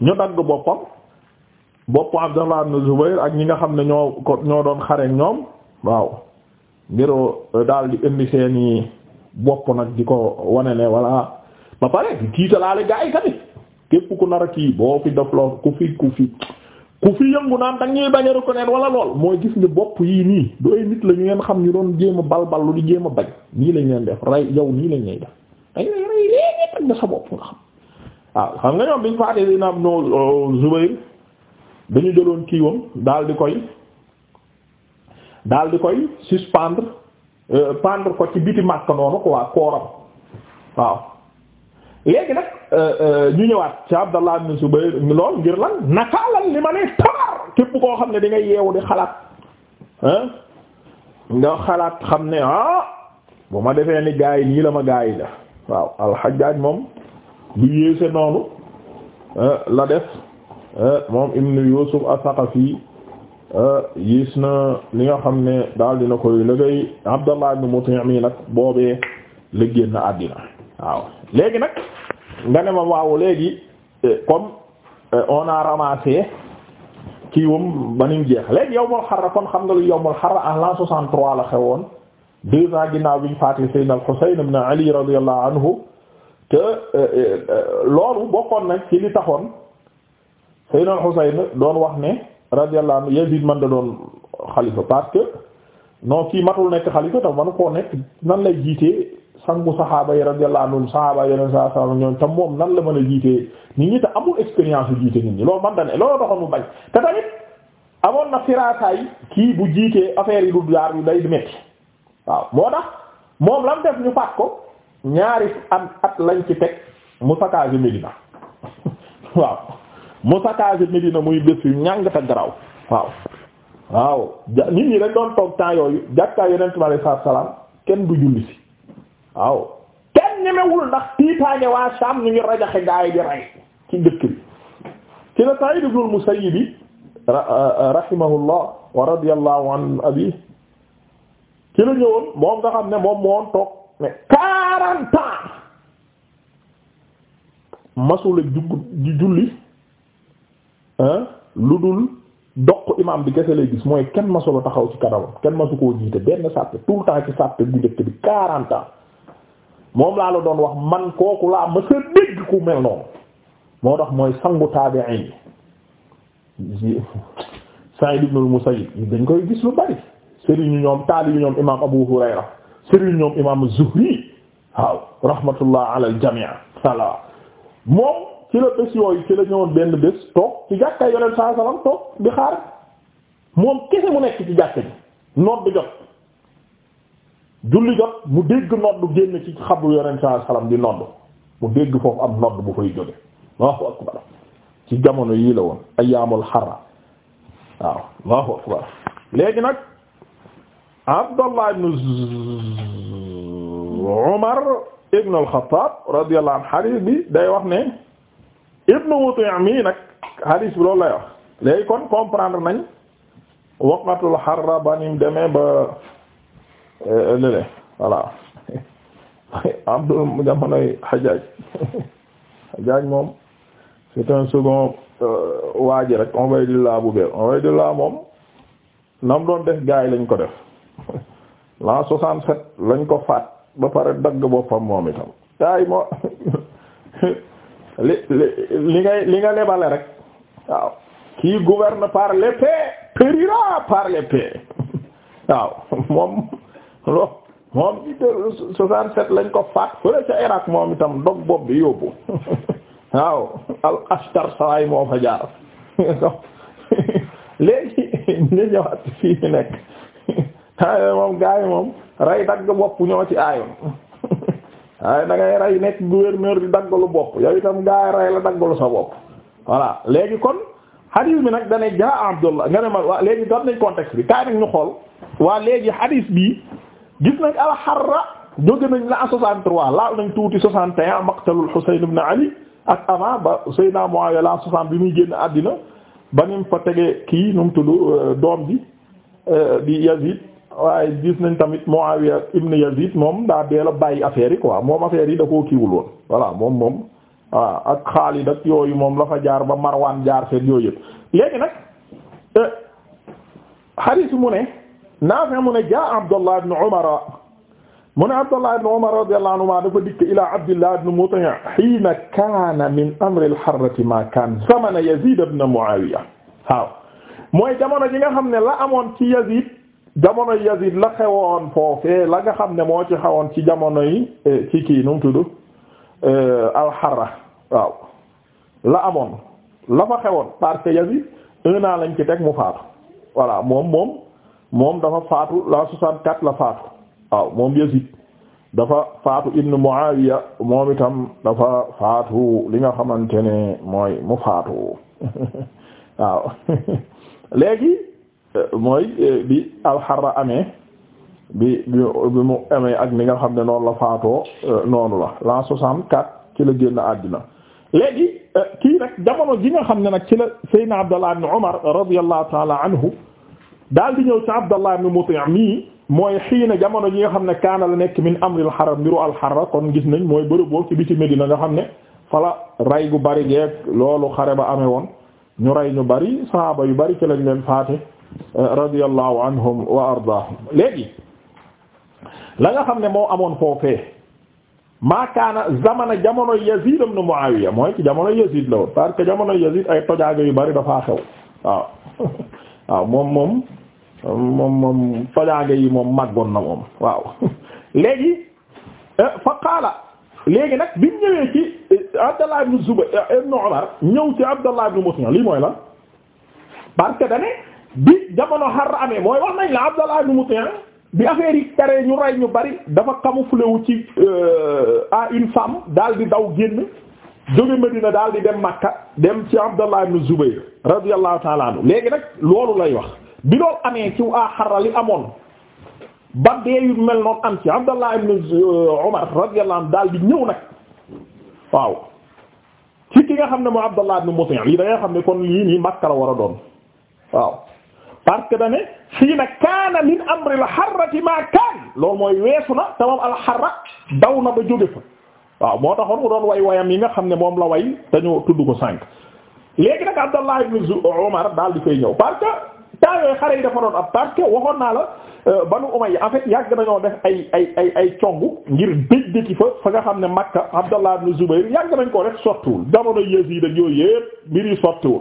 ñu dagg boppam boppu Abdallah ibn Zubayr ak ñi nga xam ne ñoo ko ñoo doon xare ñoom waaw ngiroo daal di indi seeni bopp nag di ko wane ne voilà ba pare di tiitalaale gaa yi tamit képp ku nara kii boo fi dof loo ku fi ku fi ku fi yëngu naan da ñuy bañ a reconnaître wala lool mooy gis nga bopp yii nii du ay nit la ñu ngeen xam ñu doon jéem a balbal lu di jéem bañ nii lañ leen def rey yow nii lañ lay def ay rey léegi tag nga sa bopp nga xam waaw ah, xam nga ñoom biñ faatee dina am no Zubayr dañu jëloon kiiwam daal di koy daal di koy suspendre euh, pendre ko ci biti Makka noonu waa kooram waaw léegi nag euh, euh, ñu ñëwaat ci Abdallah ibn Zubayr lool ngir lan nakaalan li ma ne tabar képp koo xam ne di nga yeewu di xalaat nga xalaat xam ne ah bu ma defee ni gaay yi nii la ma gaa yi la waaw al Hajjaj moom lu yéese noonu euh, la def euh, moom ibnu Yusuf as-Saqafi euh, gis na li nga xam ne daal dina koy liggéey Abdallah ibn Muti' mi nag boobee la génn àddina waaw léegi nag nga ne ma waaw léegi comme on a ramassé kii wam banim jeex léegi yawmul xarra kon xam nga lu yawmul xarra en ah, l'an 63 la xewoon deux ans ginnaaw biñ faati Sayyidina al-Husayn ibn Ali radiyallahu anhu te euh, euh, euh, loolu bokkoon nañ ci li taxoon Seydina Husayn doon wax ne radiyallahu anhu Yazid man da doon xalifa parce que non kii matul nekk xalifa tam manu koo nekk nan lay jiitee sangu saxaaba yi radiyallahu anhum saxaaba yeneen saa saa ñoom te moom nan la mën a jiitee nit ñi te amul expérience u jiite nit ñi loolu man da ne taxoon mu bañ te tamit amoon na firaasaay kii bu jiitee affaire yi du jaar yu day metti waaw moo tax moom lam def ñu faat ko ñaari am at lañ ci teg mu saccagé Médina waaw mu saccagé Médina muy bés yu ñàngata garaw waaw waaw nit ñi dañ doon toog temps yooyu jàkkaay yonent bi alayhi salaam kenn du julli si waaw kenn ñemewul ndax tiitaange waa Saam ñu ngi rajaxe gaay di rey ci dëkk bi ci la Sa'iid ibn al-Musayyib euh, euh, rahimahullah wa radiyallahu an abi ci la ñëwoon moom nga xam ne moom moo toog mais quarante ans masula jug di julli lu dul doq imam bi kese lay gis mooy kenn masula taxaw ci kanamam kenn masu koo jiite benn sàppe tout le temps ci sàppe bu njëkk bi quarante ans moom laa la doon wax man kooku laa ma sa dégg ku mel noonu moo tax mooy sangu taabi'in yi Sa'id ibn al-Musayyib dañ koy gis lu bari sëriñu ñoom taali ñoom imam Abu Hurayra sëriñ ñoom imam Zuhri waaw rahmatullah ala al jami' voilà moom ci la bés yooyu ci la ñëwoon benn bés toog ci jàkkaay yoneen saa salaam toog di xaar moom kese mu nekk ci jàkka ji nodd bi jot julli jot mu dégg nodd génn ci xabu yoneen sa salaam di nodd mu dégg foofu am nodd bu fay jóge allahu akbar ci jamono yii la woon ayyaamul xarra waaw allahu akbar léegi nag Abdallah ibn Umar ibn al-Khattab radiyallahu anhu hadith bi day wax ne ibn Wuti' mi nag hadith bi loolu lay kon comprendre nañ waqatul harra ba ba euh, lële voilà am na jamonoy Hajjaj Hajjaj moom c'est un second euh, waa ji rek Ubaydullah bu beer Ubaydullah moom nam doon def gaay lañ ko def. l'an soixante-sept lañ ko ba pare dagg boppam moom itam tay moo li li li li nga lebale rek waaw qui gouverne par l'épée périra par l'épée waaw moom lo moom i soixante-sept lañ ko faat fële ca moom itam dog bopp bi yóbbu waaw al ashtar sawaay moo fa jaar léegi ñu ñëwaat fii nekk moom gars yi moom rey dagg bopp ñoo ci aayoon waaye da ngay rey nekk gouverneur di daggalu bopp yow itam gars yi rey la daggalu sa bopp voilà léegi kon hadith bi nag dane jaa Abdullah nga ne ma waa léegi dam nañ contexte bi kaay nag ñu xool waa léegi hadith bi gis nag alxarra jóge nañ la 63 laal nañ tuuti 61 maqtalul Husayn ibn Ali ba Seydina Muawiya la bi muy génn àddina ba nim fa tege kii nu mu tudd euh, doom bi euh, di waaye gis nañ tamit Muawiya ibn Yazid moom daa deel a bàyyi affaire yi quoi moom affaire yi da koo moom moom waaw ah ak Xaalid yooyu moom la fa jaar ba Marwaan jaar feet yooyu yëpp léegi nag xaris eh, mu ne Naafi' mu ne jaa Abdullah ibn Umar mu ne Abdullah ibn Umar radiyallahu anhuma dafa min amri al-harrati maa kaana zamana Yazid ibn Muawiya waaw mooy jamono ji nga ne la amoon ci Yazid jamono Yazid la xewoon foofee la nga xam ne moo ci xewoon ci jamono yi eh, ci kii nu mu tudd eh, alxarra waaw la amoon la fa xewoon parce que Yazid un lañ ci teg mu faatu voilà moom moom moom dafa faatu la 64 la faatu waaw moom Yazid dafa faatu ibnu Muawiya moom itam dafa faatu li nga xamante ne mooy mu faatu waaw léegi. Euh, mooy euh, bi alxarra amee bi bi mu amee ak ni nga xam ne noonu la faatoo euh, noonu la l'an soixante-quatre ci la génn àddina léegi kii nag jamono ji nga xam ne nag ci la Seydina Abdallah ibn Umar radiyallahu ta'ala anhu daal di ñëw ci Abdallah ibn Muti' mii mooy xiina jamono ji nga xam ne kaana la nekk min amril xarra mbiru alxarra kon gis nañ mooy bërëb boo ci biti Medina nga xam ne fala ray gu bari geeg loolu xare ba amee woon ñu rey ñu bari sahaaba yu bari ci lañ leen faate radiyallahu anhum wa ardaahum léegi la nga xam ne moo amoon foofee maakaana zamana jamono Yazid ibn Muawiya mooy ci jamono Yazid la woon parce que jamono Yazid ay tojaaga yu bari dafaa xew waaw waaw moom moom moom moom tojaange yi moom màggoon na moom waaw léegi eh, fa qaala léegi nag biñ ñëwee ci eh, Abdallah ibn Zubayr eh, ibn Umar ñëw ci Abdallah ibn Muslim lii mooy la parce que dane bi jamono xar amee mooy wax nañ la Abdallah ibn Mutiya bi affaire yi taree ñu rey ñu bari dafa camouflé wu ci euh, à une femme di daw génn jóge Medina daal di dem Makka dem ci Abdallah ibn Zubayr radiyallahu ta'ala léegi nag loolu lay wax bi loolu amee ci waa xarala li amoon ba dee yu mel noonu am ci Abdallah ibn euh, Umar radiyallahu anhu di ñëw nag waaw ci ki nga xam ne moo Abdallah ibn Mutiya lii da xam ne kon lii nii Makka la war a doon waaw. parce que dane fii na kaana min amri la xarrati ma kaan loolu mooy weesu na te moom alxarra daw na ba jóge fa waaw moo taxoon mu doon way wayam yi nga xam ne moom la way dañu tudd ko sànq léegi nag Abdallah ibn Umar daal di fay ñëw parce que temps yi dafa doon ab parce naa la euh, Banu Umayya en fait yàgg nañoo def ay ay ay ay congu ngir dëj dëkki fa fa nga xam ne Makka Abdallah ibn Zubayr yàgg nañ koo rek sottiwul jamono Yazid ak yooyu yëpp mbir yi sottiwul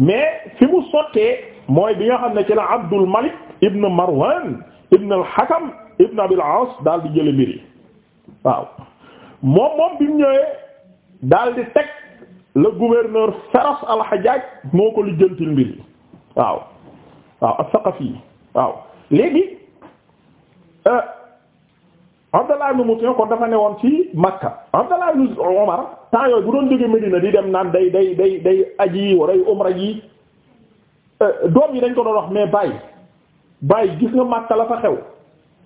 mais fi mu sottee mooy bi nga xam ne ci la Abdul Malik ibn Marwan ibn al-Hakam ibn Abil Aas daal di jële mbiri waaw moom moom bi mu ñëwee daal di teg la gouverneur féroce al-Hajjaj moo ko lijjantil mbir yi waaw waaw as-Saqafi yi waaw léegi euh, Abdallah ibn Mutin kon dafa newoon ci Makka Abdallah ibn Umar temps yooyu bu doon jóge Medina di dem naan day day day aji wala ay umra ji Euh, doom yi dañ ko doon wax mais bàyyi bàyyi gis nga Makka la fa xew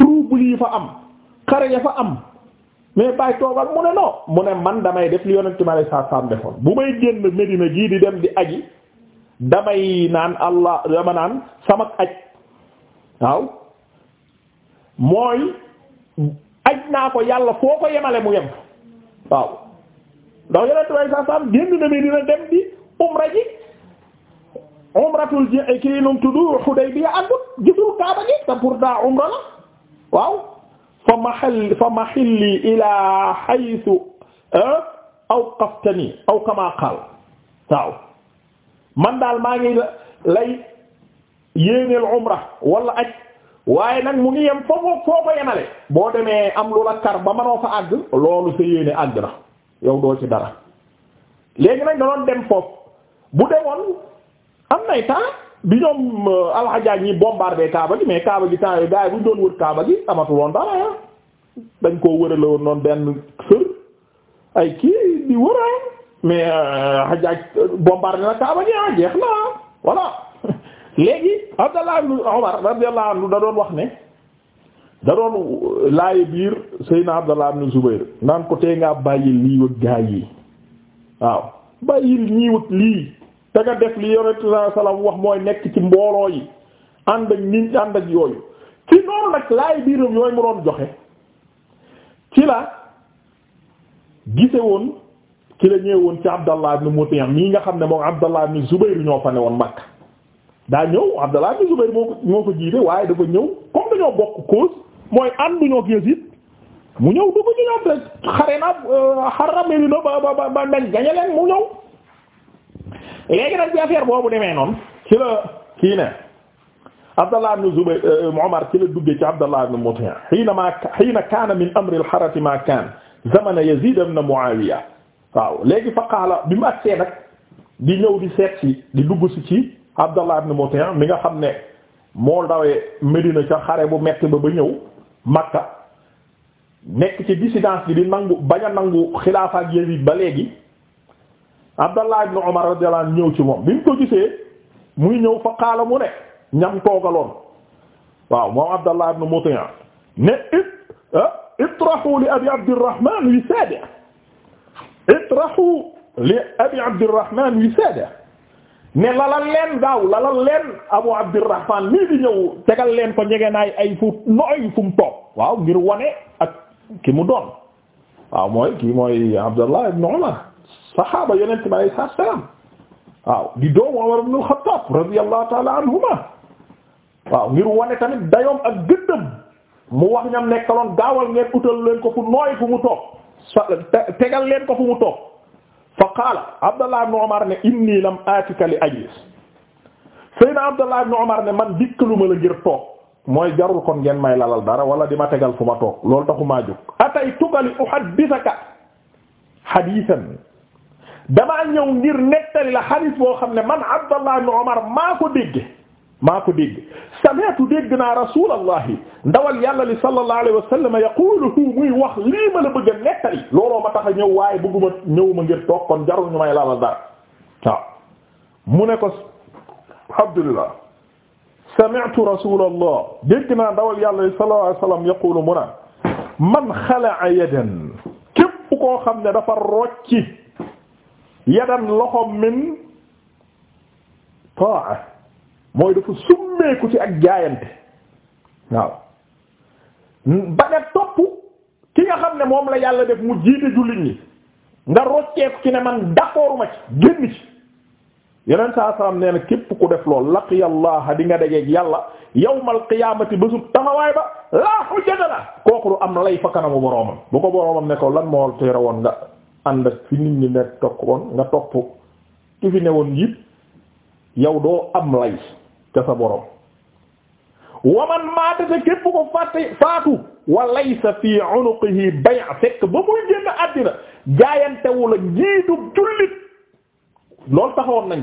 trouble yi fa am xare ya fa am mais bàyyi toogal mu ne non mu ne man damay def li yonent ma lay saa saam defoon bu may génn Medina gii di dem di aji damay naan allah dama naan sama aj waaw mooy aj naa ko yàlla foo ko yemale mu yem waaw ndax yonent ma lay saa saam génn na Medina dem di umra ji umratul ji kii num tudd Hudaybiya àndut gisul Kaaba gi te pourtant umra la waaw fa mahall fa mahalli ila haythu ah, awqaftani aw kama qaal waaw man daal maa ngi lay yéeneel umra wala aj waaye nag mu ngi yem foofu foo ko yemale boo demee am lu la kar ba mënoo fa àgg loolu sa yéene àgg na yow doo ci dara léegi nag da doon dem foofu bu demoon am nay temps bi ñoom euh, alxajaaj ñi bombardé kaaba gi mais kaaba gi temps yooyu gars yi bu ñu doon wër kaaba gi amatuloon dara ya dañ koo wërale woon noonu benn sër ay kii di wër mais xajaaj euh, bombardé na kaaba gi ah jeex na voilà léegi Abdallah ibn Umar radiyallahu anhu wax ne da doon euh, biir Seydina Abdallah ibn Zubayr naan ko tey ngaa bàyyi lii wëg gaa yi waaw bàyyi ñii wëg lii te nga def li yonent sallallahu alayhi wax mooy nekk ci mbooloo yi ànd ak nit ànd ak yooyu ci noonu nag laay biiram yooyu mu doon joxe ci la gise woon ci la ñëw woon ci Abdallah ibn Muti' mii nga xam ne moom Abdallah ibn Zubayr ñoo fa ne woon Makka daa ñëw Abdallah ibn Zubayr moo ko moo ko jiite waaye dafa ñëw comme dañoo bokk cause mooy ànduñoo ak Yazid mu ñëw dugg ci ñoom rek xare na euh, xarame ba ba ba ba nañ gañe mu ñëw. léegi nag bi affaire boobu demee noonu ci la kii ne Abdallah ibn Zubayr Umar euh, ci la dugge ci Abdallah ibn Muti' hiina ma hiina kaana min amri al-Harrati ma kaana zamana Yazid ibn Muawiya waaw léegi fa qaala bi mu agsee nag di ñëw di seet si di dugg si ci Abdallah ibn Muti' mi nga xam ne moo dawee Medina ca xare bu metti ba ba ñëw Makka nekk ci dissidence bi di nangu bañ a nangu xilaafa ak Yazid ba léegi Abdallah ibn Umar radiyallahu anhu ñëw ci moom bi mu ko gisee muy ñëw fa xaala mu ne ñam toogaloon waaw moom Abdallah ibn Mutiya ne it ah, itrahu li abi Abdurrahman wisaada itrahu li abi Abdurrahman wisaada ne lalal leen gaaw lalal leen abu Abdurrahman mii di ñëw tegal leen ko ñegenaay ay fu nooy fu mu toog waaw ngir wane ak ki mu doon waaw mooy kii mooy Abdallah ibn Umar saxaaba yonent bi alayhi salaam waaw di doomu Umar ibn al-Khattab radiyallahu ta'ala anhuma waaw ngir wane tamit dayoom ak gëddëm mu wax ñam nekkaloon gaawal ngeen utal leen ko fu nooy fu mu toog tegal leen ko fu mu toog fa qaala Abdallah ibn Umar ne inni lam atika li ajlis sayna Abdallah ibn Umar ne man dikkaluma la ngir toog mooy jarul kon ngeen may lalal dara wala di ma tegal fu ma toog loolu taxumaa jóg ataytuka li uhaddithaka hadithan damaa ñëw ngir nettali la hadith boo xam ne man Abdallah ibn Umar maa ko dégg maa ko rasulallahi ndawal yàlla li sallallahu alayhi wa sallam yaqulu muy wax lii ma la bëgg a nettali looloo ma tax a ñëw waaye bëgguma ñëw ma ngir toog mu ne ko Abdullah rasulallah dégg naa ndawal yàlla li sallallahu alayhi wa sallam mu naan man xala'a yadan képp koo xam ne dafa rocci yadan loxoom min taa mooy dafa summeeku ci ak jaayante waaw ba nga topp ki nga xam ne moom la yàlla def mu jiite jullit ñi nga rocceeku ci ne man d'accord ma ci génn ci yeneen saa salaam nee képp ku def lool laqiyallaha di nga dajeek yàlla yawmal qiyaamati bésub taxawaay ba laa xujjata la kooku du am lay fa kanamu boroomam bu ko boroomam ne lan moo tere woon nga ànd ak fi nit ñi ne topp woon nga topp ki fi ne woon yëpp yow doo am lay ca sa borom waman maata te képp ko fàtte faatu wa laysa fi unuqihi bay' fekk ba muy génn àddina jaayantewu la njiitu jullit loolu taxawoon nañ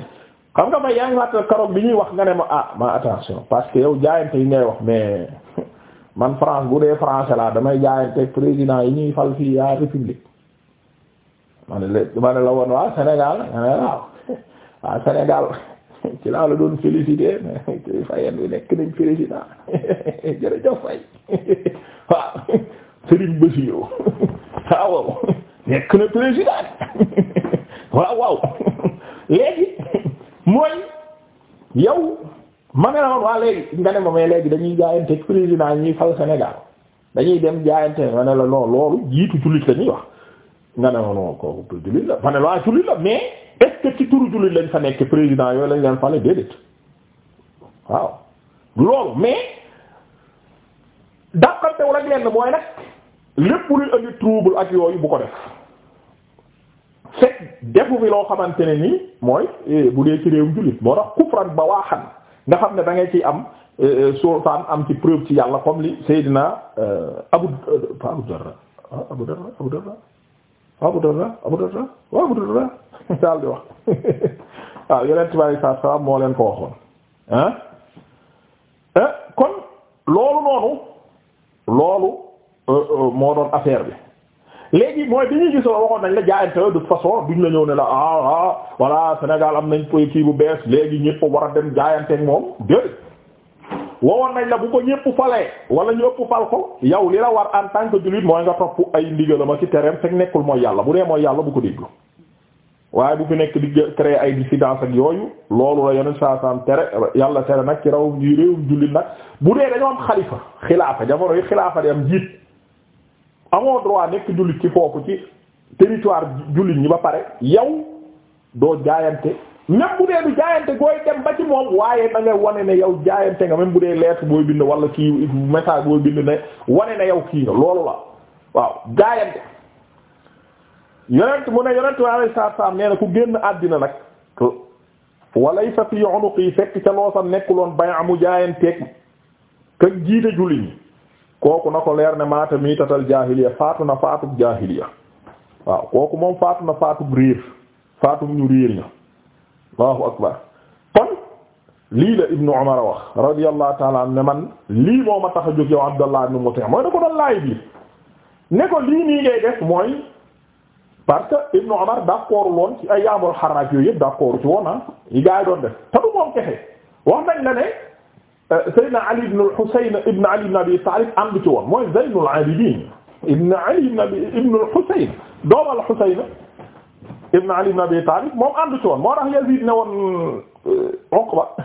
xam nga fay yaa ngi fàttal karoog bi ñuy wax nga ne ma ah ma attention parce que yow jaayante yi ngay wax mais man France bu dee français laa damay jaayante président yi ñuy fal fii yaa république ma ne la ma ne la woon waa Sénégal waa Sénégal ci laa la doon félicité nekk nañ félicité jërëjëf fay waaw Serigne Bassirou waaw waaw nekk na président waaw waaw léegi mooy yow ma ne la woon waa léegi nga ne ma léegi dañuy jaayante président ñuy fal Sénégal dañuy dem jaayante ma ne la loolu jiitu jullit la ñuy wax nga ne ma non kooku jullit la ma ne laa mais est-ce que jullit lañ fa nekk président yooyu lañ leen fale déedéet waaw loolu mais dàqantewul ak lenn lépp luy indi trouble ak yooyu bu ko def fekk defu bi loo xamante ne nii mooy eh, bu dee ci réewum jullit moo tax kufran ba waa nga xam ne da ngay ciy am eh, eh, sultaan am ci preuve ci yàlla comme li Seydina Abu Abu Darda ah, Abu Darda Abu Darda Abu Darda Abu Darda waaw Abu Darda daal di wax waaw yeneen tubaab yi saa moo leen ko waxoon ah. kon loolu noonu loolu euh, euh, moo doon affaire bi léegi mooy bi ñuy gisoo waxoon nañ la jaayante de façon duñ la ñëw ne la ah ah voilà Sénégal am nañ politique bu bees léegi ñëpp war a dem jaayanteeg moom déedéet. wowoon nañ la bu ko ñépp falee wala ñu ëpp fal ko yow li la war en tant que jullit mooy nga topp ay ndigalama ci teree fekk nekkul mooy yàlla bu dee mooy yàlla bu ko déglu waaye bu fi nekk di créer ay dissidence ak yooyu loolu la yeneen saa saam tere yàlla tere nag ci raw yi réewum jullit nag bu dee dañoo am xalifa xilaafa jamono yi xilaafa di am jiit amoo droit nekk jullit ci foofu ci territoire jullit ñi ba pare yow doo jaayante même bu dee du jaayante gooy dem ba ci moom waaye dangay nga wane ne yow jaayante nga même bu dee lettre booy bind wala kii message booy bind ne wane na yow kii la loolu la waaw jaayante yonent mu ne yonent alayhi salaam nee na ku génn àddina nag walaysa fi unuqi fekk ca loo sa ba bay amu jaayanteeg ka jiite julli ñi kooku na ko leer ne maata miitatal jaahiliya faatu na faatub jaahiliya waaw kooku moom faatu na faatub réer faatub ñu Allahu akbar kon lii la Ibnu Umar wax radiyallahu ta'ala anhu ne man lii moo ma tax a jóg yow Abdallah ibn Muti' mooy da ko doon laay bi ne ko lii nii ngay def mooy parce que Ibnu Umar d'accord woon ci ay yaamul xaraak yooyu yëpp d'accord ci woon ah yi gaa yi doon def te du moom kexe wax nañ la ne euh, Seydina Ali ibn al-Husayn ibn Ali ibn Abi Talib am ci woon mooy Zaynul Abidin ibn Ali ibn Abi ibn al-Husayn doomal Husayn ibn Ali ibn Abi Talib moom àndu ci woon moo tax Yazid ne woon euh, Uqba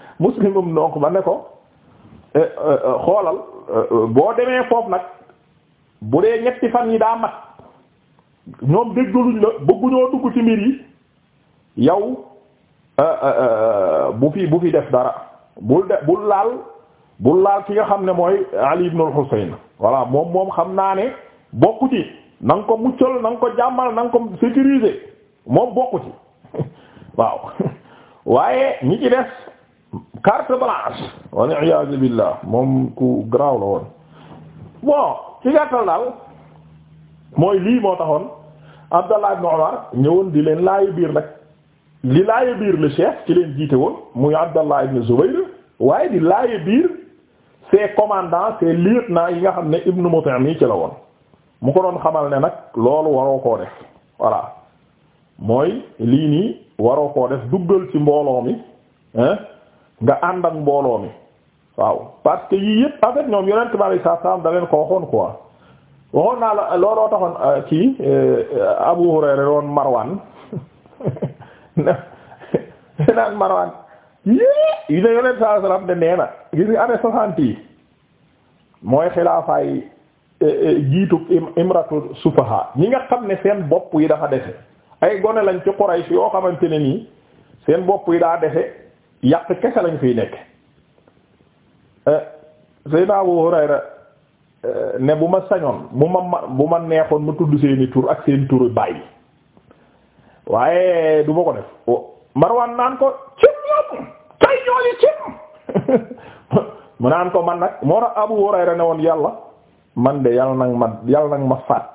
Muslim ibn Uqba ne ko eh, eh, xoolal eh, boo demee foofu nag bu dee ñetti fan yi daa mat ñoom déggaluñ la bëgguñoo dugg ci mbir yi yow bu fi bu fi def dara bul de bul laal bul laal ki nga xam ne mooy Ali ibn al-Husayn moom moom xam naa ne bokku ci na ko muccal na nga ko jàmmal na nga ko sécuriser moom bokku waaw waaye ñi ci des carte blanche walla iyaazu billaah moom ku garaaw la woon bon ci gàttal daal mooy lii moo taxoon Abdallah ibn Umar ñëwoon di leen laayu biir nag li laayu biir la chef ci leen jiite woon muy Abdallah ibn Zubayr waaye di laayu biir ses commandants ses lieutenants yi nga xam ne Ibn Mut'im ci la woon mu ko doon xamal ne nag loolu waroo koo def voilà mooy lii nii waroo koo def duggal ci mbooloo mi nga ànd ak mbooloo mi waaw parce que yii yëpp en fait ñoom yonent bi alayhi salaam da ko waxoon quoi waxoon naa la looloo taxoon euh, euh, Abu Hurayra doon Marwan naan Marwan gis nga année soixante yi mooy xilaafaay Eh, eh, jiitu imratu sufaha ñi nga xam ne seen bopp yi dafa defe ay gone lañ ci Quraysh yoo xamante ne nii seen bopp yi daa defe yàq kese lañ fiy nekk eh, Seydina Abu Hurayra ne bu ma sañoon bu ma bu ma neexoon ma tudd seeni tur ak seen turu bàyyi waaye du ma ko def Marwan naan ko cim ñoom kay ñooñu cim mu naan ko man nag moo tax Abu Hurayra ne woon yàlla man de yal nag ma yal nag ma faat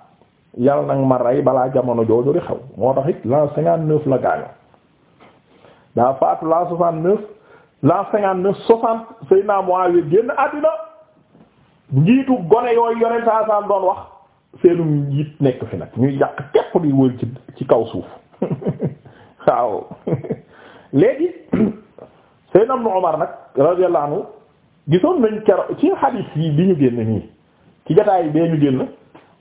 yal nag ma rey balaa jamono jooju di xew moo tax it l'an cinquante neuf la gaañu daa faatu l'an soixante neuf l'an cinquante neuf soixante Seydina Muawiya génn àddina njiitu gone yooyu yonent saa saa doon nekk fi nag ñuy yàq tepp di wër ci ci kaw suuf waaw léegi Seydina Umar nag radiyallahu gisoon nañ kero ci hadith yi bi ñu génn nii ci jotaay bee ñu génn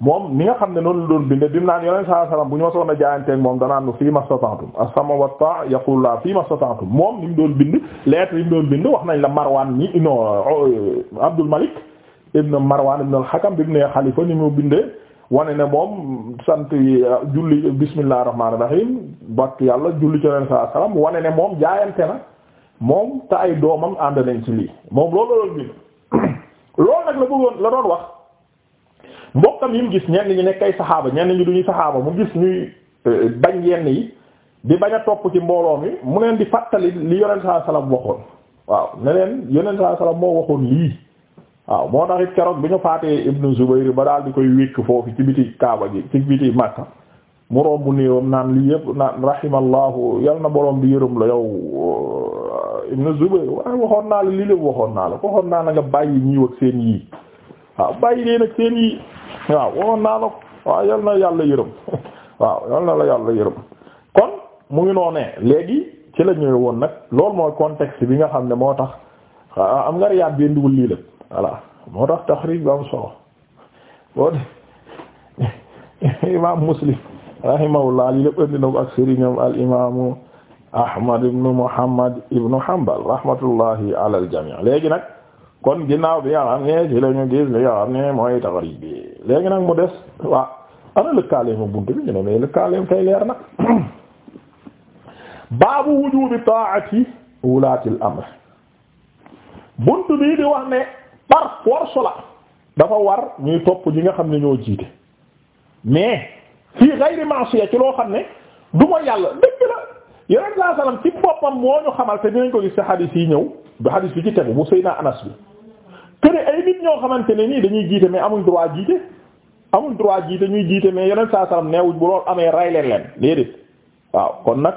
moom ni nga xam ne noonu la doon binde dim naan yoneen saa bu ñu ma soon a jaayanteeg moom danaan nu fii mastata'tum as-sama wa taa yaqulu la fii mastata'tum moom ni mu doon bind lettre yi mu doon bind wax nañ la Marwan ñi non Abdul Malik ibn Marwan ibn al-Hakam bi mu nee xalifa ni mu bindee wane ne moom sant julli bismillahir rahmanir rahim bakk yàlla julli ci yoneen saa salaam wane ne moom jaayante na moom te ay doomam ànd nañ ci moom loolu la doon bind loolu nag la bëggoon mbokkam yi mu gis ñenn ñi nekk ay saxaaba ñenn ñi duñuy saxaaba mu gis ñuy euh, bañ yenn yi di bañ a topp ci mbooloo mi mu leen di fàttali li yonent saa salaam waxoon waaw ne leen yonent saa salaam moo waxoon lii waaw moo tax it keroog bi ñu faatee Ibnu Zubayr ba daal di koy wékk foofu ci biti Kaaba ji ci biti Makka mu romb néewam naan lii yëpp naan rahimallahu yal na borom bi yërëm la yow euh, Ibnu Zubayr waaye waxoon naa la lii lépp waxoon naa la waxoon naa la nga bàyyi bàyyi leen ak seen waaw wowoon naa la ko waaw yal na yàlla yërëm waaw yal na la yàlla yërëm kon mu ngi noonee léegi ci la woon nag loolu mooy contexte bi nga xam ne moo tax ah, am nga riyaat bi indiwul lii lépp voilà moo tax taxrij bi am solo boo imaam muslim rahimahullah lii lépp indi na ko ak sëriñam al imaamu ahmad ibnu muhammad ibnu hanbal rahmatullahi ala al léegi nag kon ginnaaw bi nga xam ne ci la gis li nga xam ne mooy taxari bi léegi nag mu des waaw ana lëkkaaleema lëkkaaleem kay leer na baabu wujubi taati wulaatil di wax ne par force la dafa war ñuy topp ñi nga xam ne ñoo jiite mais fii ghayri ma'siya ci loo xam ne du yàlla dëgg la yeneen saa salaam ci boppam moo ñu xamal te dinañ ko gis ci hadith yi ñëw ba hadith bi ci tegu bu Seydina Anas bi kene ay nit ñoo xamante ne nii dañuy jiite mais amuñ droit jiite amuñ droit jiite ñuy jiite mais yeneen saa salaam neewuñ bu loolu amee rey leen leen déedéet waaw kon nag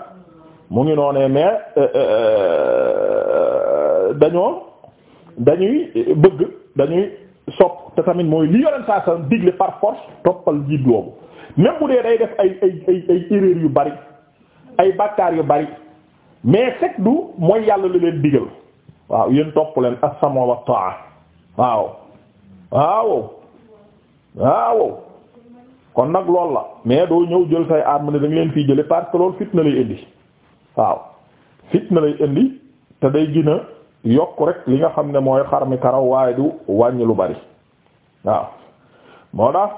mu ngi noonee mais euh, euh, euh, dañoo dañuy bëgg dañuy sopp te tamit mooy li yeneen saa salaam digle par force toppal jiit boobu même bu dee day def ay ay ay ay yu bari ay bàkkaar yu bari mais fekk du mooy yàlla lu leen digal waaw yéen topp leen as-sam'a wa waaw waaw waaw kon nag loolu la mais doo ñëw jël say arme ne da leen fii jële parce que loolu fitna lay indi waaw fitna lay indi te day gën yokk rek li nga xam ne mooy xar mi karaw waaye du wàññi lu bari waaw moo tax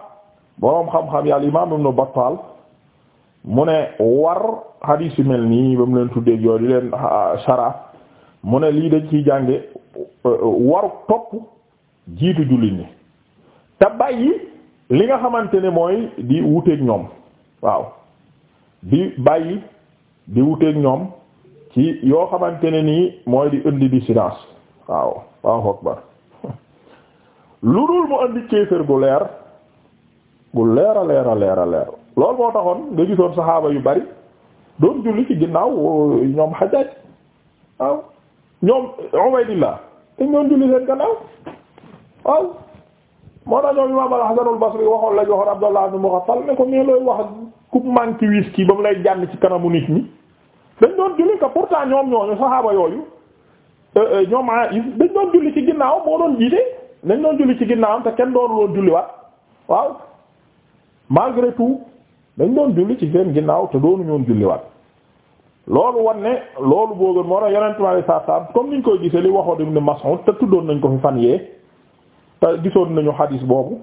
boroom xam-xam yàlla imaam Ibn Battal mu ne war xadiis yu mel nii leen tuddee yooyu di leen ah, ah, shara mu ne lii dañ ciy jànge euh, euh, waru topp jiitu jullit ñi te bàyyi li nga xamante ne mooy di wuteeg ñoom waaw di bàyyi di wuteeg ñoom ci yoo xamante ne nii mooy di indi dissidence waaw waaw akbar lu dul mu indi kéefër gu leer bu leer a leer a leer a leer loolu moo taxoon nga gisoon saxaaba yu bari doon julli ci ginnaaw ñoom xajaaj waaw ñoom Ubaydillah te ñoon julli seen gannaaw waaw moo tax ñoom imaam al-Hasanul Basri waxoon la joxoon Abdallah ibn Mughattal ne ko mais looy wax ku manque whisky ba mu lay jànn ci kanamu nit ñi dañ doon julli que pourtant ñoom ñooñu saxaaba yooyu euh, euh, ñoom Aïs ah, dañ doon julli ci ginnaaw moo doon jiite dañ doon julli ci am te kenn doonu loon julliwaat waaw malgré tout dañ doon julli ci seen ginnaaw te doonu ñoon julliwaat loolu wan ne loolu boogoon moo tax yonentu Yàlla saa saa comme niñ koy gisee li waxoon Ibn Mas'ud te nañ ko fi fan yee te euh, gisoon nañu xadis boobu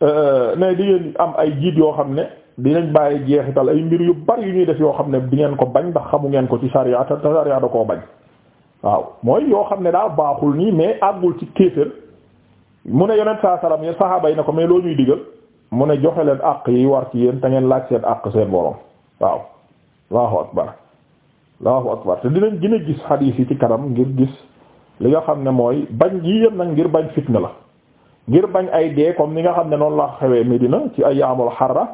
ne euh, di ngeen am ay jiit yoo xam ne di dinañ bàyyi jeexital ay mbir yu bari yu ñuy def yoo xam ne di ngeen ko bañ ndax xamu ngeen ko ci sariya te sariya da koo bañ waaw mooy yoo xam ne daal baaxul nii mais àggul ci kéefër mu ne yonent saa salaam yi saxaaba ko mais loo ñuy digal mu ne joxe leen àq yi war ci yéen te ngeen laaj seen àq seen borom waaw allahu akbar allahu akbar te dinañ gën a gis xadiis yi ci kanam ngir gis li nga xam ne mooy bañ yii yëpp nag ngir bañ fitna la ngir bañ ay dee comme ni nga xam ne noonu la xewee Medina ci ayyaamul xarra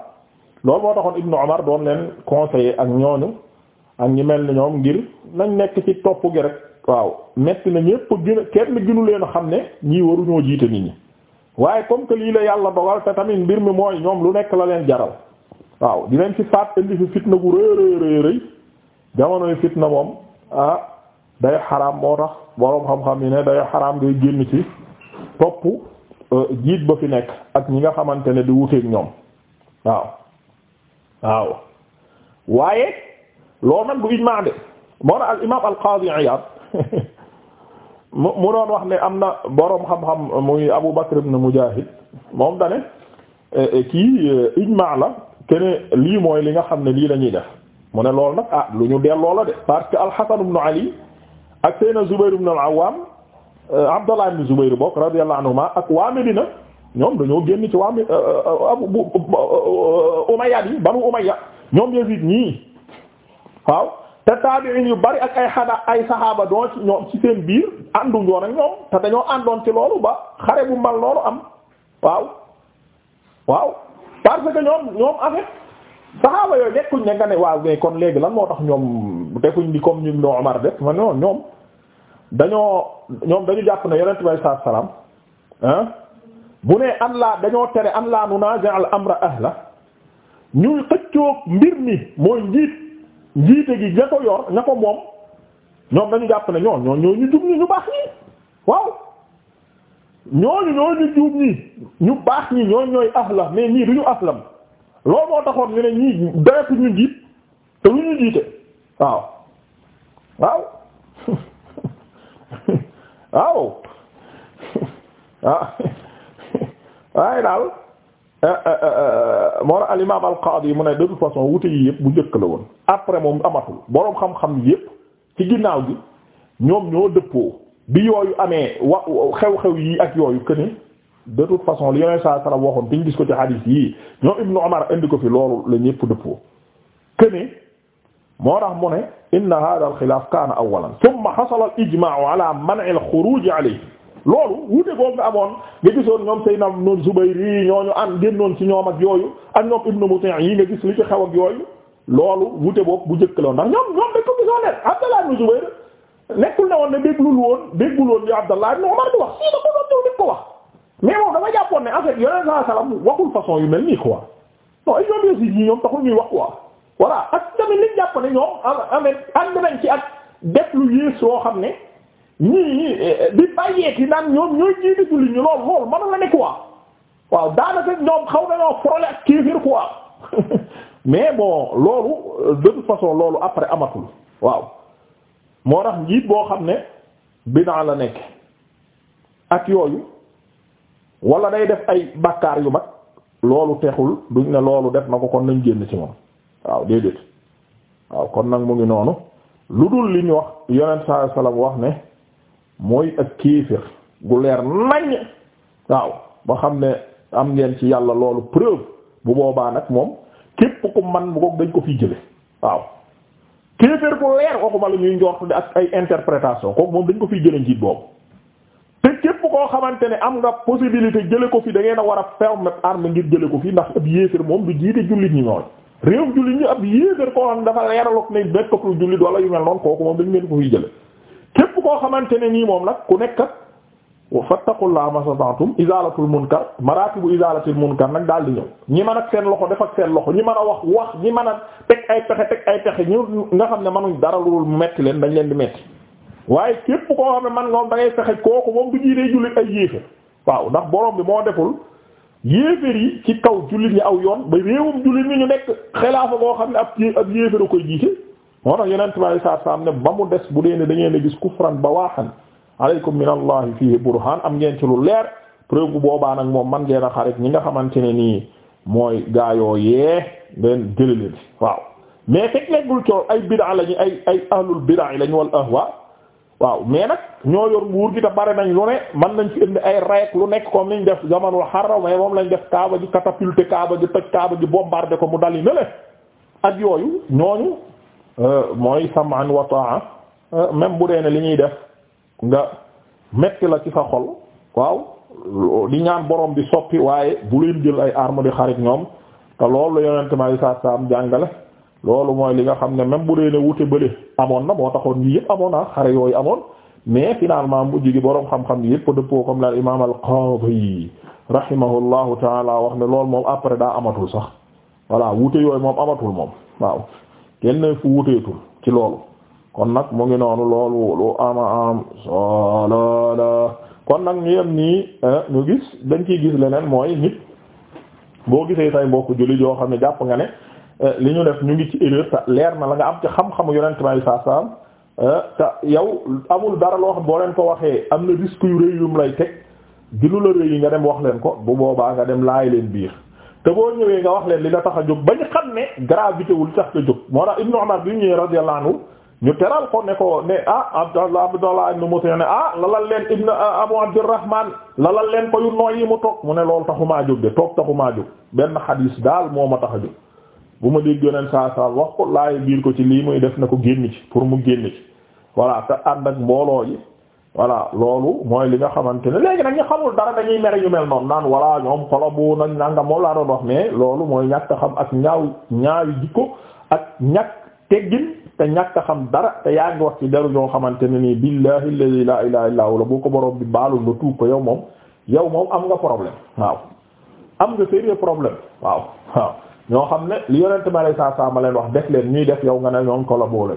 loolu moo taxoon Ibnu Umar doon leen conseiller ak ñooñu ak ñi mel ni ñoom ngir nañ nekk ci topp gi rek waaw metti na ñépp gën a kenn gënu leen xam ne ñii waruñoo jiite nit ñi waaye comme que lii la yàlla dogal te tamit mbir mi mooy ñoom lu nekk la leen jaral waaw di leen fi faat indi fi fitna gu rëy rëy rëy rëy jamonoy fitna ah, day xaraam moo tax boroom xam-xam yi ne day xaram ngay génn ci topp euh, jiit ba fi nekk ak ñi nga xamante ne di wuteek ñoom waaw waaw waaye loolu nag du ijmaa de moo tax al imaam al qaadi Iyaad mu mu doon wax ne am na boroom xam-xam muy Abu Bakr ibn Mujaahid moom dane e, e, kii e, ijmaa la kene lii mooy li nga xam ne lii la ñuy def mu ne loolu nag ah lu ñu delloo la de parce que al Hasan ibn Ali ak a Zubayr ibn al-Awwam euh, Abdallah ibn Zubayr bokk radiyallahu anhuma ak waa Medina ñoom dañoo génn ci waa euh, euh, abu Umayya yi banu Umayya ñoom Yazid ñii waaw te taabi'in yu bari ak ay xada ay saxaaba doon ci ñoom ci seen biir ànduñoo ñoom te dañoo àndoon ci loolu ba xare bu mal loolu am waaw waaw parce que ñoom ñoom en saxaaba yooyu nekkuñ ne nga ne waaw mais kon léegi lan moo tax ñoom defuñ ni comme ñun ñoo Umar def ma ne ñoom dañoo ñoom dañu jàpp ne yonent bi saa salaam ah bu ne an laa dañoo tere an laa nunaazi' ñuy xëccoo mbir mi mooy njiit njiite gi ña ko yor ña ko moom ñoom dañu jàpp ne ñoo ñoo ñu jub ñi ñu baax ñi waaw ñoo ñu jub ñi ñu baax ñi ñooñu ñooy ahla mais ñii duñu aslam loolu moo taxoon ñu ne ñii deret ñu jiit te lu ñu jiite waaw waaw waaw waaye daal euh, euh, euh, moo al imam al qaadi mu ne de toute façon wute yi yëpp bu njëkk la woon après moom amatul boroom xam-xam yëpp ci ginnaaw gi ñoom ñoo dëppoo bi yooyu amee wa xew-xew yi ak yooyu këni de toute façon li ñoom Ibnu Umar indi ko fi loolu la ñëpp dëppoo këne moo tax mu ne inna hada alxilaaf kaana awalan tumma xasala al ijmau ala man'i al xuruj loolu wute boobu amoon nga gisoon ñoom Seydina noon Zubayr yi ñooñu an génnoon ci ñoom ak yooyu ak ñoom Ibnu Mutin yi nga gis li ci xew ak yooyu loolu wute boobu bu jëkkaloon ndax ñoom ñoom dañ ko gisoo leen Abdallah ibn Abdallah ibn Umar di wax sii na ko doon ñëw wax mais moom dama jàppoon ne en fait yoneen saa salaam waxul façon yu mel nii quoi non ay ñoom yësi ñi ñoom taxul ñuy wax quoi voilà ak tamit liñ jàpp ne ñoom amee ànd nañ ak def lu yées yoo xam ne ñii di bàyyeeti naan ñoom ñooy jiitu julli ñu lool lool mën na la ne quoi waaw daanaka ñoom xaw nañoo frôler ak kéefir quoi mais bon loolu de toute façon loolu après amatul waaw moo tax njiit boo xam ne bidaa la nekk ak yooyu. wala day def ay bakkaar yu mag loolu texul duñ ne loolu def na ko kon nañ génn ci moom waaw déedéet waaw kon nag mu ngi noonu lu dul li ñu wax yonent saa salaam wax ne mooy ak kéefër gu leer naññ waaw ba xam ne am ngeen ci yàlla loolu preuve bu boobaa nag moom képp ku man bu ko dañ ko fi jële waaw kéefër gu leer waxuma la ñuy njort di ak ay interprétation kooku moom dañ ko fiy jële njiit boobu te képp koo xamante ne am nga possibilité jële ko fii da ngeen a war a permettre arme ngir jële ko fii ndax ab yéefér moom du jiite jullit ñi ñooy réew jullit ñi ab yéefér koo xam dafa leeralook ne nekkatul jullit wala yu mel noonu kooku moom leen ko fiy jële koo xamante ne nii moom nag ku nekk nekkat wa fattaqullaha masata'tum izalatul munkar maratibu izalatul munkar nag daal di ñëw ñi man ak seen loxo def ak seen loxo ñi mën a wax wax ñi man a teg ay pexe teg ay pexe ñu nga xam ne mënuñ dara lu metti leen dañ leen di metti waaye képp koo xam ne man moom da ngay fexe kooku moom du jiitee jullit ay yéefér waaw ndax boroom bi moo deful yéefér yi ci kaw jullit ñi aw yoon ba réewum jullit ñi ñu nekk xilaafa koo xam ne ab ab yéefér a koy jiite moo tax yeneen tubaab yi saa saa am ne ba mu des bu dee ne da ngeen a gis kufran bawahan aleykum min allahi fihi burhan am ngeen ci leer preuve bu boobaa moom man ngeen a xarit ñi nga xamante ne nii mooy gaayoo yee ngeen jëli leen waaw mais fekk nekkul cool ay bid'a ay ay ahlul bid'a lañu wal ahwa waaw mais nag ñoo yor nguur gi te bare nañ lu ne mën nañ fi indi ay rek lu nekk comme niñ def jamanul xarra mais moom lañ def kaaba ji catapulté kaaba ji toj kaaba ji bombardé ko mu dali na le ak yooyu ñooñu euh, mooy sam'an wa ta'a euh, même bu dee ne li ñuy def nga metti la ci sa xol waaw di ñaan borom bi soppi waaye bu leen jël ay arme di xarit ñoom te loolu la yonente mi sallallahu alayhi jàngale loolu mooy li nga xam ne même bu dee ne wute bële amoon na moo taxoon yii yëpp amoon na xare yooyu amoon mais finalement mujj gi boroom xam-xam yi yëpp dëppoo comme la imam al-Qadi rahimahullahu taala wax ne loolu moom après daa amatul sax voilà wute yooyu moom amatul moom waaw kenn fu wuteetul ci loolu kon nag mu ngi noonu loolu lu ama am solo kon nag ñu yem nii eh, ñu gis dañ ciy gis leneen mooy nit boo gisee say mbokk julli joo xam ne jàpp nga ne Euh, li ñu def ñu ngi ci erreur leer na la nga am ci xam-xamu yonent may saa saam euh, te yow amul dara loo xam boo leen ko waxee am na risque yu rëy yum lay teg ginu la rëy yi nga dem wax leen ko bu boobaa nga dem laay leen biir te boo ñëwee nga wax leen li la tax a jóg ba ñu xam ne gravité wul tax a jóg moo tax Ibnu Umar bi ñëwee radiyallahu anhu ñu teral ko ne ko ne ah Abdallah Abdallah ibn Mut'im ne ah lalal leen ibn euh, Abu Abdurrahman lalal leen ko yu nooy yi mu toog mu ne loolu taxumaa jóg de toog taxumaa jóg benn xadiis daal moo ma tax a bu ma dégg yoneen saa saa wax ko laay biir ko ci lii muy def na ko génn ci pour mu génn ci voilà te ànd ak mbooloo yi voilà loolu mooy li nga xamante ne léegi nag ñu xamul dara dañuy mere ñu mel noonu naan voilà ñoom xolo bu nañ nanga moom laa doon wax mais loolu mooy ñàkk xam ak ñaaw ñaawi jikko ak ñàkk teggin te ñàkk xam dara te yaa ngi wax ci deru ñoo xamante ne nii billahi alladhi la ilaha illa huwa boo ko borom bi baalul nga tuub ko yow moom yow moom am nga problème waaw am ñoo xam ne li yonent ma lay saa saa ma leen wax def leen ñuy def yow nga ne ñoom ko la boole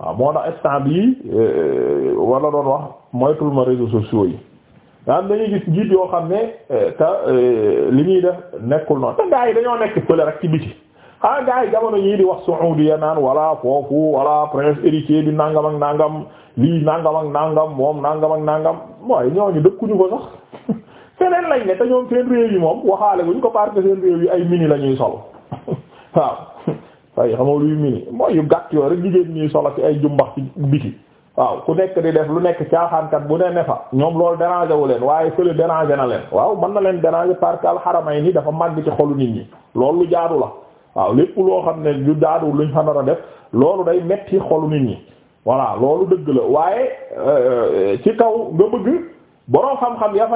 waaw moo tax instant bii euh, wala doon wax mooy ma réseaux sociaux yi nga xam gis njiit yoo xam ne euh, euh, li ñuy def nekkul noonu te gaa yi dañoo nekk fële rek ci biti ah gaa yi jamono ñii di wax Saoudia naan wala foofu wala prince héritier bi nangam ak nangam lii nangam ak nangam moom nangam ak nangam mooy ñooñu dëkkuñu ko sax feneen lañ ne te ñoom seen réew yi moom waxaale buñ la ñuy sol. waaw ay xamoo luy mini mooy yu gàtt yooyu rek jigéen ñi solo ci ay jumbax ci biti waaw ku nekk di def lu nekk caaxaankat bu ne ne fa ñoom loolu déranger wu leen waaye fële déranger na leen waaw mën na leen déranger parce que alxaramay ni dafa màgg ci xolu nit ñi loolu lu jaadu la waaw lépp loo xam ne lu jaadu luñ xanar a def loolu day metti xolu nit ñi voilà loolu dëgg la waaye euh, ci kaw nga bëgg boroom xam-xam ya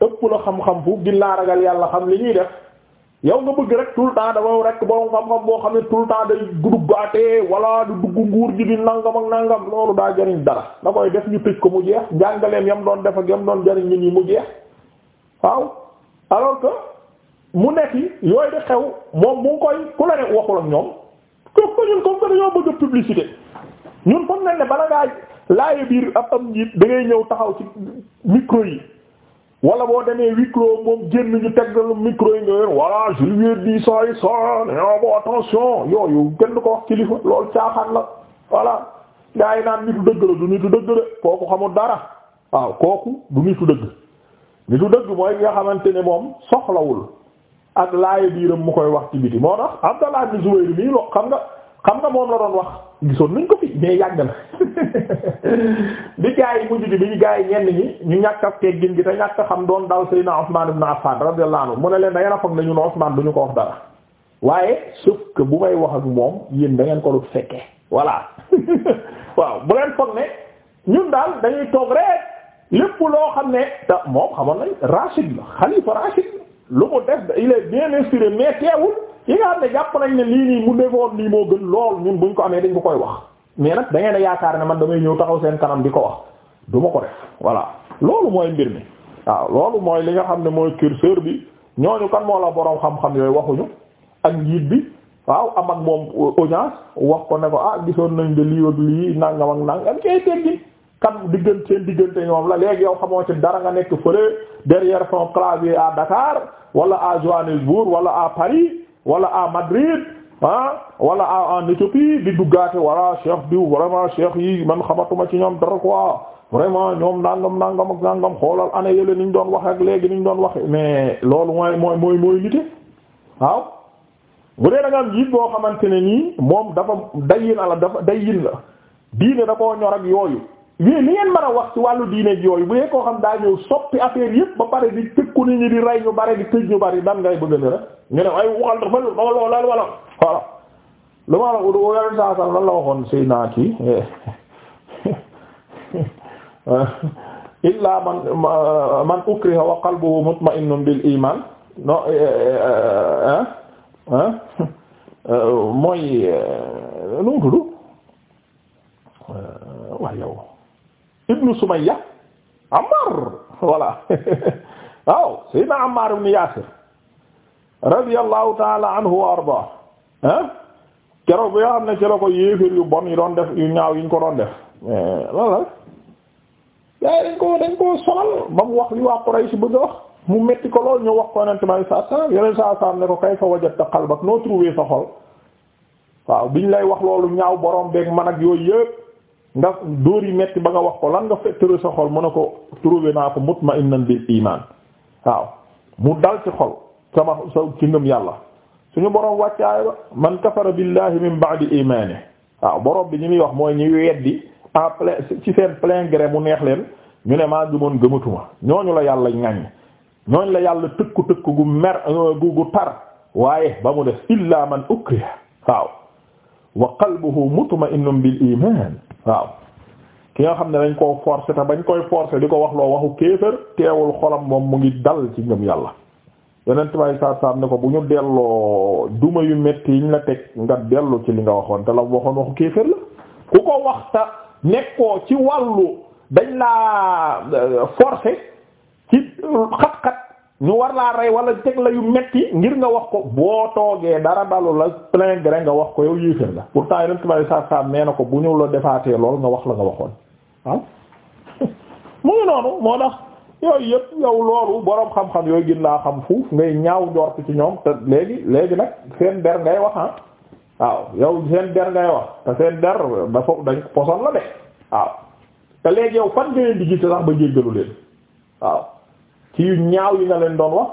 ëpp la xam-xam fu gin laa ragal yàlla xam li ñuy def yow nga bëgg rek tout le temps dafa rek borom xam-xam boo xam ne tout le temps day gudd gaatee wala du dugg nguur ji di nangam ak nangam loolu daa jariñ dara da koy def ñu tëj ko mu jeex jàngaleem yam doon def ak yam doon jariñ nit ñi mu jeex waaw alors que mu nekk yooyu di xew moom mu ngi koy ku la rek waxul ak ñoom kooku ko ñun comme que dañoo bëgg publicité ñun foog nañ ne bala ngaa laaye biir ab am njiit da ñëw taxaw ci micro yi. wala boo demee huis clos moom génn ñu teg micro yi nga yor voilà je lui ai dit ça et ah attention yooyu kenn du ko wax kilifa loolu caaxaan la voilà gaa yi naan nitu dëgg la du nitu dëgg la ko xamul dara waaw kooku du nitu dëgg nitu dëgg mooy nga xamante ne moom soxlawul ak laay biiram mu koy wax ci biti moo tax Abdallah ibn Zubayr mii loo xam nga. xam nga moom la doon wax gisoon nañ ko fi mais yàgg na bi gaa yi mujj bi bi gaa yi ñenn ñi ñu ñàkk a teggin gi te ñàkk xam doon dal Seydina Usman ibn Affan radiyallahu anhu mu ne leen da ngeen a foog ne ñun Usman du ko wax dara waaye sauf que bu may wax ak moom yéen dangeen ngeen ko dut fekkee voilà waaw bu leen foog ne ñun daal dañuy toog rek lépp loo xam ne te moom xamoon nañ Rashid la xalifa Rashid lu mu def il est bien inspiré mais teewul yi nga xam ne jàpp nañ ne lii nii mu defoon lii moo gën lool ñun buñ ko amee dañ ko koy wax mais nag da ngeen a yaakaar ne man damay ñëw taxaw seen kanam di ko wax du ma ko def voilà loolu mooy mbir mi waaw loolu mooy li nga xam ne mooy curseur bi ñooñu kan moo la boroom xam-xam yooyu waxuñu ak njiit bi waaw am ak moom audience wax ko ne ko ah gisoon nañ de lii ak lii nangam ak nangam kay teggin kan diggante seen diggante ñoom la léegi yow xamoo ci dara nga nekk fële derrière son clavier à Dakar. wala à Johannesburg wala à Paris wala a Madrid ah wala a en Éthiopie di duggaate wala cheikh diw vraiment cheikh yi man xamatuma ci ñoom dara quoi vraiment ñoom nangam nangam ak nangam xoolal année yële ni ñu doon wax ak léegi ni ñu doon waxe mais loolu mooy mooy mooy mooy nite waaw bu dee da yi am jiit xamante ne nii moom dafa dayin ala dafa dayin la diine da koo ñor ak yooyu yéen li ngeen mën a wax ci wàllu diine yooyu bu koo xam daa ñëw soppi affaire yëpp ba pare di tëkku nit ñi di rey ñu bare di tëj ñu bari dan ngay bëgg ne rek nga ay waxal dafa lu wala wala wala voilà lu ma la ko yàlla saa saa mu tudd eh, waaye yow. ibnu Sumayya Ammar voilà waaw sayyidina Ammar ibn Yaasir radiyallahu ta'ala anhu wa ardaa ah keroog bi nga xam ne ci la ko yéeféer yu bon yi doon def yu ñaaw yi ko doon def loolu yaay dañ ko dañ ko solal ba mu wax li waa Quraysh bëgg a wax mu metti ko lool ñu wax ko yonent bi saa saa yonent saa saa ne ko kayfa wajadta qalbak noo trouvé sa xol waaw biñ lay wax loolu ñaaw borom beeg man ak yooyu yëpp nga dóor yi metti ba nga wax ko lan nga fettere sa xol mu ne ko trouvé naa ko mutma'innan bil iman waaw mu dal ci xol sama sa ci ngëm yàlla suñu boroom wàccaay ba man kafara billahi min ba'di imani waaw boroom bi ñu muy wax mooy ñu weddi en plein ci seen plein gré mu neex leen ñu ne maa gëmoon gëmatuma ñooñu la yàlla ŋaññ ñooñu la yàlla tëkku tëkku gu mer gu gu tar waaye ba mu def illa man ukriha waaw wa qalbuhu mutma'innun bil iman waaw ki nga xam ne dañ koo forcer te bañ koy forcer di ko wax loo waxu kéefër teewul xolam moom mu ngi dal ci ngëm yàlla yeneen tubaab yi saa ne ko bu ñu delloo duma yu metti yiñ la teg nga dellu ci li nga waxoon te la waxoon waxu kéefër la ku ko wax ta nekkoo ci wàllu dañ laa euh, forcer ci xat-xat. ñu war laa rey wala teg la yu metti ngir nga wax ko boo toogee dara dalu la plein gré nga wax ko yow yéeféer la pourtant yeneen tubaab yi na ko bu ñu la defaatee lool nga wax la nga waxoon waaw mu ngi noonu moo tax yooyu yëpp yow loolu boroom xam-xam yooyu gën laa xam fuuf ngay ñaaw njort ci ñoom te léegi léegi nag seen der ngay wax ah waaw yow seen der ngay wax te seen der dafa dañ poson la de waaw te léegi yow fan nga leen di gis sax ba jéggalu leen waaw. ci yu ñaaw yi nga leen doon wax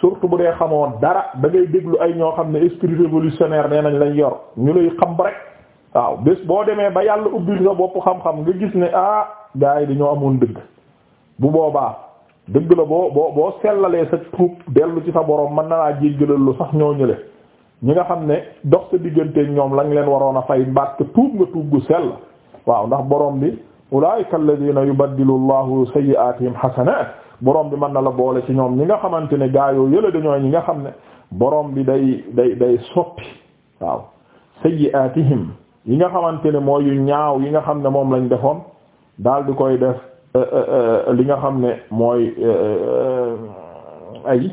surtout bu dee xamoon dara da ngay déglu ay ñoo xam ne esprit révolutionnaire nee nañ lañ yor ñu lay xam rek waaw bés boo demee ba yàlla ubbi sa bopp xam-xam nga gis ne ah gars yi dañoo amoon dëgg bu boobaa dëgg la boo boo boo sellalee sa troupe dellu ci sa borom mën na laa jéggalal lu sax ñoo ñële ñi nga xam ne dox sa digganteeg ñoom lañ leen waroon a fay mbaat te tuub nga tuub gu sell waaw ndax boroom bi ulaa'ika alladhiina yubaddilu allahu sayyi'aatihim hasanat borom bi mën na la boole ci ñoom ñi nga xamante ne gaa yoo yële dañoo ñi nga xam ne boroom bi day day day soppi waaw sayyi'atihim yi nga xamante ne mooy yu ñaaw yi nga xam ne moom lañ defoon daal di koy def euh, euh, euh, li nga xam ne mooy ay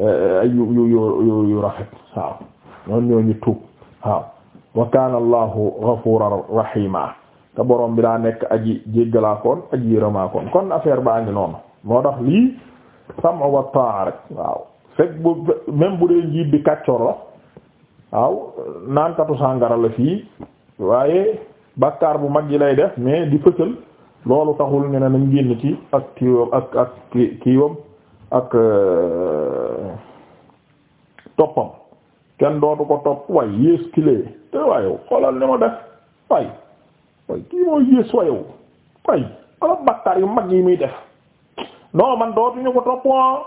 ay yu yu yu rafet waaw ñoon ñoo ñu tuub waaw wa allahu ghafuran rahima te boroom bi daa nekk aji jéggalaa koon aji kon affaire baa ngi noonu moo tax lii sam'u wa ta'a rek waaw fekk bu même bu dee njiit bi kàccor la waaw naankatu sàngara la fii waaye bàkkaar bu mag yi lay def mais di fësal loolu taxul ñu ne nañ génn ci ak kiiwam ak ak kiiwam ak euh, toppam kenn dootu ko topp way yées kilee te waaye xoolal ni ma def way way kii mooy yées wayow way ala baktar yu mag yi muy def non man dootuñu ko topp ah.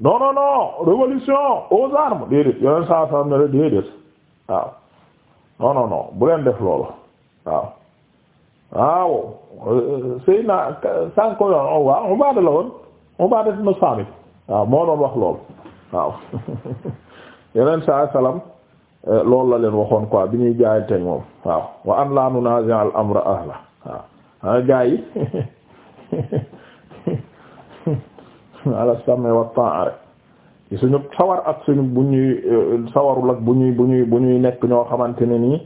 non non révolution aux armes déedéet yoneen saa saa ne la déedéet waaw non non non bu leen def loolu waaw waaw na sànq ko yoon oh, waaw Ubaada la woon Ubaada ibn Saamit waaw moo doon wax loolu waaw yeneen saa Euh, loolu la leen waxoon quoi bi ñuy jaayante moom waaw wa an la nunazi' al amra ahla waaw anga ah, gaay yi ala sam'i sawar ak suñu bu ñuy euh, sawarul ak bu ñuy bu ñuy bu ñuy nekk ñoo xamante ne nii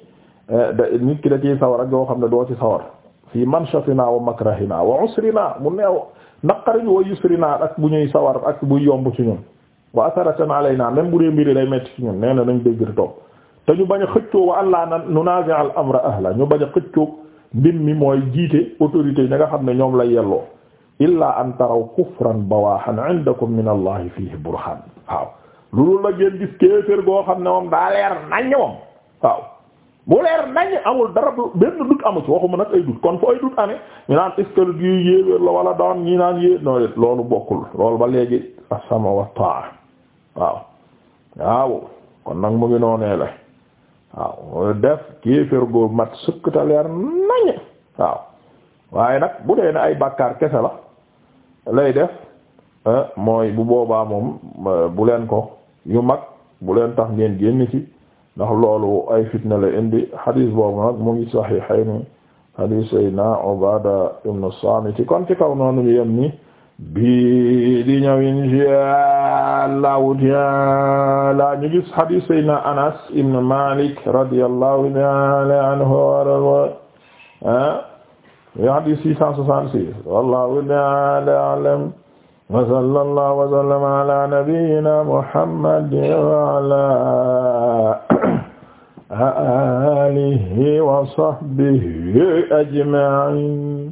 euh, da nit ki da ciy sawar ak yoo xam ne doo ci sawar fii naa wa makrahina wa usrina mu neew naqariñ wa yusrina ak bu ñuy sawar ak bu yomb ci ñun wa asaratan alayna même bu dee mbiri day metti ci ñun nee na nañ dégg topp te ñu bañ a xëccoo wa allah na nunazi' al amra ahla ñu bañ a xëccoo mbir mi mooy jiite autorité yi nga xam ne ñoom lay yelloo illaa an taraw kufran bawahan indakum min allah fihi burhan waaw loolu la ngeen gis kéefër goo xam ne moom daa leer naññ moom waaw bu leer naññ amul dara benn dut amu ci waxuma nag ay dut kon fu ay dut amee ñu naan est-ce que yi la wala daan ñi naan yée noo loolu bokkul loolu ba waaw waaw kon nag mu ngi noonee la waaw def kéefër gu mat sëkk leer nañu waaw waaye nag bu dee ne ay bàkkaar kese la lay def eh, mooy bu boobaa moom eh, bu leen ko yu mag bu leen tax ngeen génn ci ndax loolu ay fitna la indi xadiis boobu nag mu ngi saxiixayni xadiis Seydina Ubaada ibnu Saamit kon ci kaw noonu ñu yem nii bi di ñëw inshaa Allahu ta'ala ñu gis hadith Seydina Anas ibn Malik radiyallahu ta'ala anhu ah hadith 666 wallahu ta'ala a'lam wa sallallahu wa sallama ala nabiyyina Muhammad wa ala alihi wa sahbihi ajma'in